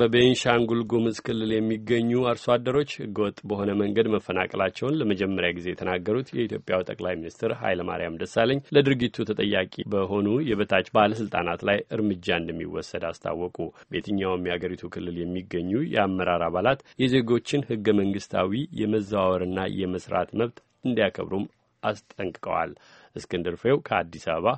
በቤንሻንጉል ጉምዝ ክልል የሚገኙ አርሶ አደሮች ህገወጥ በሆነ መንገድ መፈናቀላቸውን ለመጀመሪያ ጊዜ የተናገሩት የኢትዮጵያው ጠቅላይ ሚኒስትር ኃይለማርያም ደሳለኝ ለድርጊቱ ተጠያቂ በሆኑ የበታች ባለስልጣናት ላይ እርምጃ እንደሚወሰድ አስታወቁ። በየትኛውም የአገሪቱ ክልል የሚገኙ የአመራር አባላት የዜጎችን ህገ መንግስታዊ የመዘዋወርና የመስራት መብት እንዲያከብሩም አስጠንቅቀዋል። እስክንድር ፍሬው ከአዲስ አበባ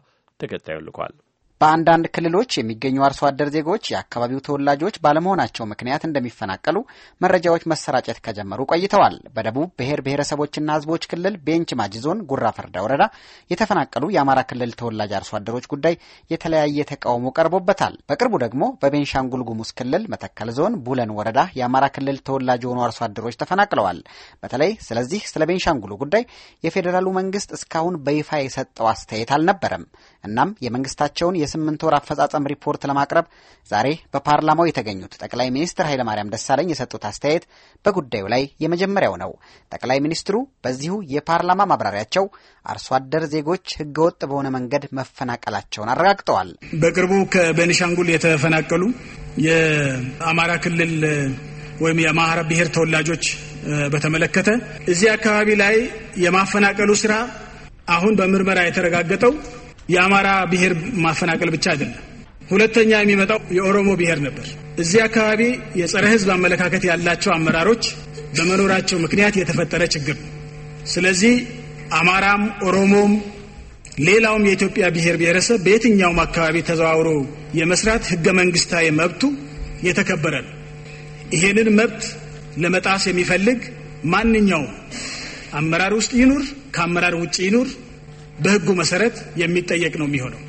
ተከታዩ ልኳል። በአንዳንድ ክልሎች የሚገኙ አርሶ አደር ዜጎች የአካባቢው ተወላጆች ባለመሆናቸው ምክንያት እንደሚፈናቀሉ መረጃዎች መሰራጨት ከጀመሩ ቆይተዋል። በደቡብ ብሔር ብሔረሰቦችና ሕዝቦች ክልል ቤንች ማጂ ዞን ጉራ ፈርዳ ወረዳ የተፈናቀሉ የአማራ ክልል ተወላጅ አርሶ አደሮች ጉዳይ የተለያየ ተቃውሞ ቀርቦበታል። በቅርቡ ደግሞ በቤንሻንጉል ጉሙዝ ክልል መተከል ዞን ቡለን ወረዳ የአማራ ክልል ተወላጅ የሆኑ አርሶ አደሮች ተፈናቅለዋል። በተለይ ስለዚህ ስለ ቤንሻንጉሉ ጉዳይ የፌዴራሉ መንግስት እስካሁን በይፋ የሰጠው አስተያየት አልነበረም። እናም የመንግስታቸውን የ የስምንት ወር አፈጻጸም ሪፖርት ለማቅረብ ዛሬ በፓርላማው የተገኙት ጠቅላይ ሚኒስትር ኃይለማርያም ደሳለኝ የሰጡት አስተያየት በጉዳዩ ላይ የመጀመሪያው ነው። ጠቅላይ ሚኒስትሩ በዚሁ የፓርላማ ማብራሪያቸው አርሶ አደር ዜጎች ህገወጥ በሆነ መንገድ መፈናቀላቸውን አረጋግጠዋል። በቅርቡ ከቤኒሻንጉል የተፈናቀሉ የአማራ ክልል ወይም የአማራ ብሔር ተወላጆች በተመለከተ እዚህ አካባቢ ላይ የማፈናቀሉ ስራ አሁን በምርመራ የተረጋገጠው የአማራ ብሔር ማፈናቀል ብቻ አይደለም። ሁለተኛ የሚመጣው የኦሮሞ ብሔር ነበር። እዚህ አካባቢ የጸረ ህዝብ አመለካከት ያላቸው አመራሮች በመኖራቸው ምክንያት የተፈጠረ ችግር ነው። ስለዚህ አማራም ኦሮሞም ሌላውም የኢትዮጵያ ብሔር ብሔረሰብ በየትኛውም አካባቢ ተዘዋውሮ የመስራት ህገ መንግስታዊ መብቱ የተከበረ ነው። ይሄንን መብት ለመጣስ የሚፈልግ ማንኛውም አመራር ውስጥ ይኑር፣ ከአመራር ውጭ ይኑር በህጉ መሰረት የሚጠየቅ ነው የሚሆነው።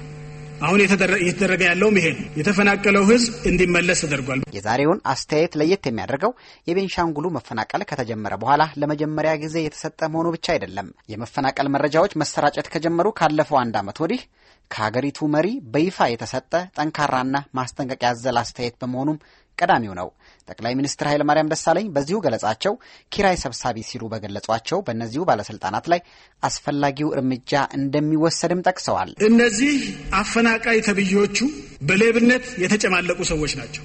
አሁን እየተደረገ ያለውም ይሄ ነው። የተፈናቀለው ህዝብ እንዲመለስ ተደርጓል። የዛሬውን አስተያየት ለየት የሚያደርገው የቤንሻንጉሉ መፈናቀል ከተጀመረ በኋላ ለመጀመሪያ ጊዜ የተሰጠ መሆኑ ብቻ አይደለም። የመፈናቀል መረጃዎች መሰራጨት ከጀመሩ ካለፈው አንድ ዓመት ወዲህ ከሀገሪቱ መሪ በይፋ የተሰጠ ጠንካራና ማስጠንቀቂያ ያዘለ አስተያየት በመሆኑም ቀዳሚው ነው። ጠቅላይ ሚኒስትር ኃይለማርያም ደሳለኝ በዚሁ ገለጻቸው ኪራይ ሰብሳቢ ሲሉ በገለጿቸው በእነዚሁ ባለስልጣናት ላይ አስፈላጊው እርምጃ እንደሚወሰድም ጠቅሰዋል። እነዚህ አፈናቃይ ተብዬዎቹ በሌብነት የተጨማለቁ ሰዎች ናቸው።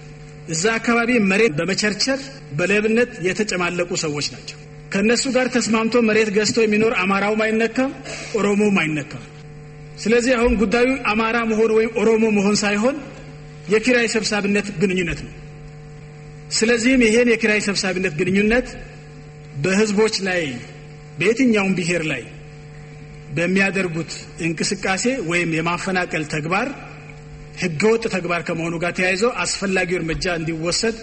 እዛ አካባቢ መሬት በመቸርቸር በሌብነት የተጨማለቁ ሰዎች ናቸው። ከእነሱ ጋር ተስማምቶ መሬት ገዝቶ የሚኖር አማራውም አይነካም፣ ኦሮሞውም አይነካም። ስለዚህ አሁን ጉዳዩ አማራ መሆን ወይም ኦሮሞ መሆን ሳይሆን የኪራይ ሰብሳቢነት ግንኙነት ነው። ስለዚህም ይሄን የኪራይ ሰብሳቢነት ግንኙነት በህዝቦች ላይ በየትኛውም ብሔር ላይ በሚያደርጉት እንቅስቃሴ ወይም የማፈናቀል ተግባር ህገወጥ ተግባር ከመሆኑ ጋር ተያይዞ አስፈላጊው እርምጃ እንዲወሰድ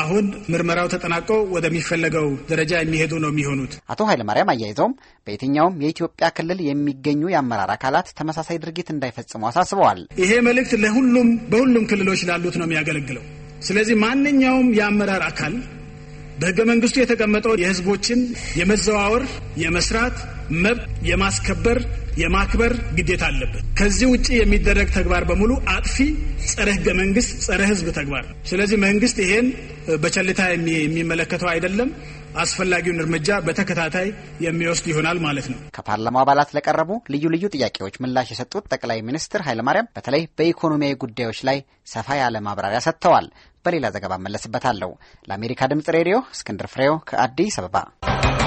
አሁን ምርመራው ተጠናቆ ወደሚፈለገው ደረጃ የሚሄዱ ነው የሚሆኑት። አቶ ኃይለማርያም አያይዘውም በየትኛውም የኢትዮጵያ ክልል የሚገኙ የአመራር አካላት ተመሳሳይ ድርጊት እንዳይፈጽሙ አሳስበዋል። ይሄ መልእክት ለሁሉም በሁሉም ክልሎች ላሉት ነው የሚያገለግለው። ስለዚህ ማንኛውም የአመራር አካል በህገ መንግስቱ የተቀመጠው የህዝቦችን የመዘዋወር፣ የመስራት መብት የማስከበር የማክበር ግዴታ አለበት። ከዚህ ውጭ የሚደረግ ተግባር በሙሉ አጥፊ፣ ጸረ ህገ መንግስት፣ ጸረ ህዝብ ተግባር ነው። ስለዚህ መንግስት ይሄን በቸልታ የሚመለከተው አይደለም። አስፈላጊውን እርምጃ በተከታታይ የሚወስድ ይሆናል ማለት ነው። ከፓርላማ አባላት ለቀረቡ ልዩ ልዩ ጥያቄዎች ምላሽ የሰጡት ጠቅላይ ሚኒስትር ኃይለማርያም በተለይ በኢኮኖሚያዊ ጉዳዮች ላይ ሰፋ ያለ ማብራሪያ ሰጥተዋል። በሌላ ዘገባ እመለስበታለሁ። ለአሜሪካ ድምጽ ሬዲዮ እስክንድር ፍሬው ከአዲስ አበባ